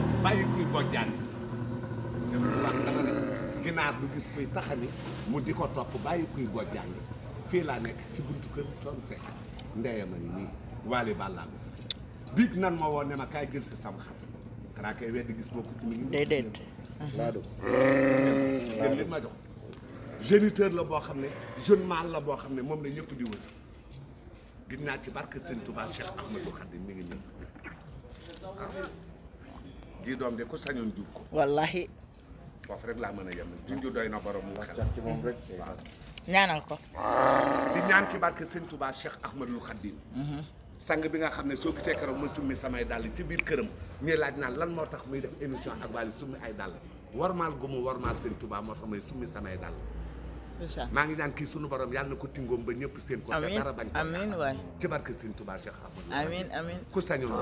topp bàyyi kuy bojjaan dama wax dama ne ginaar du gis kuy taxani mu di ko topp bàyyi kuy bojjaan fii laa nekk ci buntu kër toon sekk ndeyama ni nii waali bàllaam biig nan ma woon ne ma kaay jël si sam xar xanaa kay weddi gis moo ko ci mi ngi déedéet laa do jël la boo xam ne jeune la boo xam ne moom la ñëpp di wër gis naa ci barke Sëñ Touba Cheikh Ahmadou Khadim mi ngi ñëw ji doom de ku sañoon jur ko. wallahi foofu rek laa mën a yem junj doy na borom mu xel. ci moom rek ñaanal ko. di ñaan ci barke Sëñ Touba Cheikh Ahmadul Khadim. Mhm. sang bi nga xam ne soo gisee keroog ma summi samay dàll ci biir këram ñuy laaj naan lan moo tax muy def émission ak Wally summi ay dàll warmaal gu mu warmaal Sëñ Touba moo tax may summi samay dàll. maa ngi ñaan kii suñu borom yàlla na ko tingoom ba ñëpp seen ko te dara bañ amiin waay ci barke amiin ku sañul.